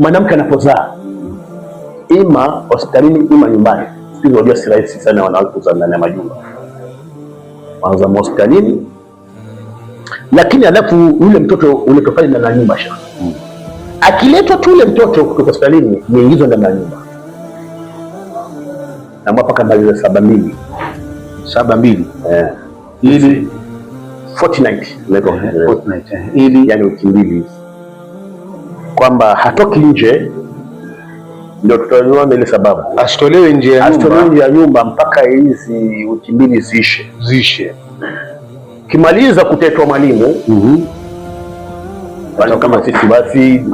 mwanamke anapozaa ima hospitalini ima nyumbani. Siku hizi unajua si rahisi sana wanawake kuzaa ndani ya majumba, wanazaa hospitalini, lakini alafu yule mtoto ule tofali ndani ya nyumba sha mm. akiletwa tu ule mtoto kutoka hospitalini niingizwa ndani ya nyumba na mwafaka maliza saba mbili saba mbili ili fortnight, yani wiki mbili kwamba hatoki nje, ndio tutajua ile sababu asitolewe nje ya nyumba mpaka hizi wiki mbili ziishe. Ziishe kimaliza kutetwa mwalimu mm -hmm. kama sisi basi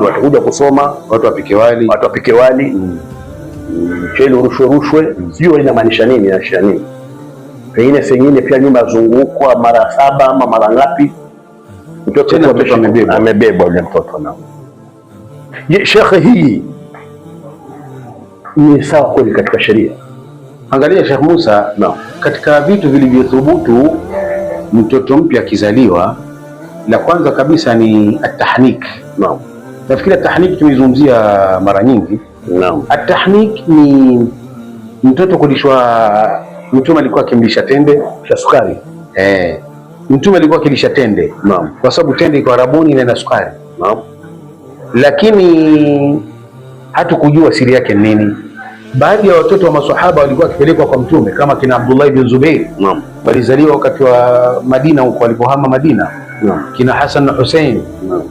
watakuja kusoma, watu wapike wali, watu wapike wali mm. Mchele urushwe rushwe, mhm. sijui inamaanisha nini, inamaanisha nini. Pengine sengine pia nyumba zungukwa mara saba ama mara ngapi amebebwa ule mtoto na shekhe. Hii ni sawa kweli katika sheria? Angalia Sheikh Musa no. Katika vitu vilivyothubutu mtoto mpya akizaliwa, la kwanza kabisa ni atahnik no. Nafikiri atahnik tumeizungumzia mara nyingi no. Atahnik ni mtoto kulishwa, Mtume alikuwa akimlisha tende cha sukari eh Mtume alikuwa akilisha tende naam, kwa sababu tende iko Arabuni na ina sukari naam, lakini hatukujua siri yake nini. Baadhi ya watoto wa maswahaba walikuwa wakipelekwa kwa Mtume kama kina Abdullah bin Zubair naam, walizaliwa wakati wa Madina huko walipohama Madina naam, kina Hassan na Hussein naam,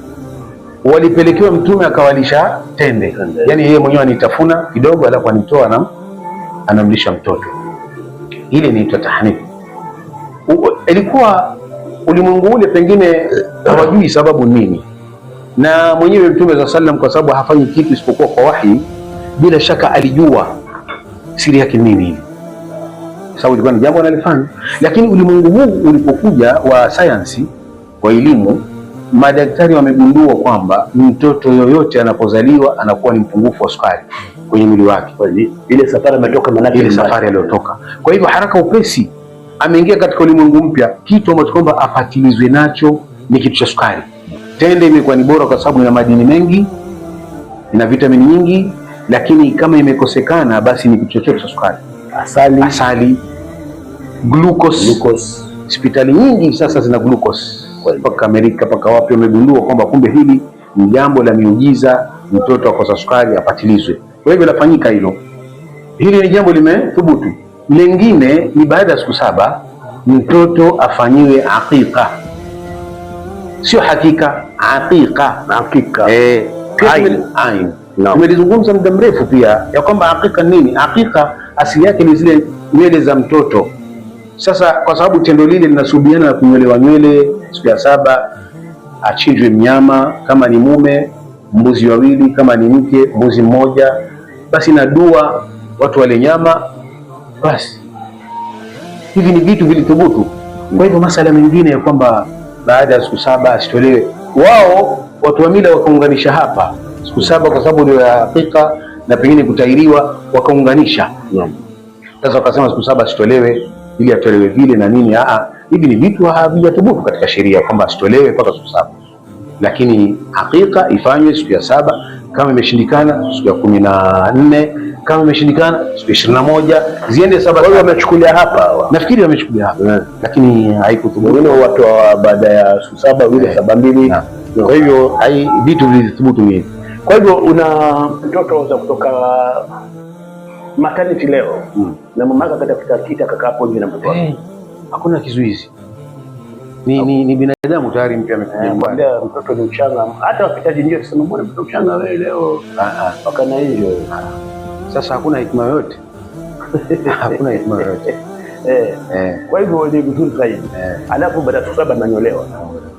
walipelekewa Mtume akawalisha tende, yani yeye mwenyewe anitafuna kidogo, alafu anitoa na anamlisha mtoto. Ile inaitwa tahnith, ilikuwa ulimwengu ule pengine hawajui sababu nini, na mwenyewe Mtume za sallam, kwa sababu hafanyi kitu isipokuwa kwa wahi, bila shaka alijua siri yake nini hivi, sababu ilikuwa ni jambo analifanya. Lakini ulimwengu huu ulipokuja wa sayansi, kwa elimu, madaktari wamegundua kwamba mtoto yoyote anapozaliwa anakuwa ni mpungufu wa sukari kwenye mwili wake, ile safari aliyotoka. Kwa hivyo haraka upesi ameingia katika ulimwengu mpya, kitu ambacho kwamba afatilizwe nacho ni kitu cha sukari. Tende imekuwa ni bora kwa sababu ina madini mengi, ina vitamini nyingi, lakini kama imekosekana, basi ni kitu chochote cha sukari. Asali, asali, glucose, glucose. Hospitali nyingi sasa zina glucose mpaka Amerika mpaka wapi, wamegundua kwamba kumbe hili ni jambo la miujiza, mtoto akosa sukari apatilizwe. Kwa hivyo lafanyika hilo, hili ni jambo limethubutu. Lengine ni baada ya siku saba mtoto afanyiwe aqiqa, sio hakika, aqiqa. Eh, ain tumelizungumza muda mrefu pia ya kwamba aqiqa nini? Aqiqa asili yake ni zile nywele za mtoto. Sasa kwa sababu tendo lile linasubiana na kunyolewa nywele, siku ya saba achinjwe mnyama, kama ni mume mbuzi wawili, kama ni mke mbuzi mmoja, basi na dua watu wale nyama basi hivi ni vitu vilithubutu. Kwa hivyo masala mengine ya kwamba baada ya siku saba asitolewe, wao watu wa mila wakaunganisha hapa siku saba kwa sababu ndio ya hakika na pengine kutairiwa, wakaunganisha sasa, wakasema siku saba asitolewe ili atolewe vile na nini. Hivi ni vitu havijathubutu katika sheria kwamba asitolewe mpaka siku saba lakini hakika ifanywe siku ya saba, kama imeshindikana siku ya kumi na nne kama imeshindikana siku ishirini na moja ziende saba. Wamechukulia hapa, nafikiri wamechukulia hapa, eh. lakini haikuthubutu watu baada ya siku saba yeah. Eh. saba mbili. Kwa hivyo vitu vilithubutu hivi. Kwa hivyo una mtoto za kutoka maternity leo hmm. na mamaka katafuta kita kakapo nje na mtoto hey. Eh. hakuna kizuizi ni, ni, ni binadamu tayari mpya amekuja. Eh, mtoto ni mchanga, hata wapitaji ndio tuseme mbona mtoto mchanga wewe leo wakana ah, ah. hiyo Sasa hakuna hikima yoyote, hakuna hikima yoyote. Eh. Eh. Kwa hivyo ni vizuri zaidi, alafu baada ya saba nanyolewa ah.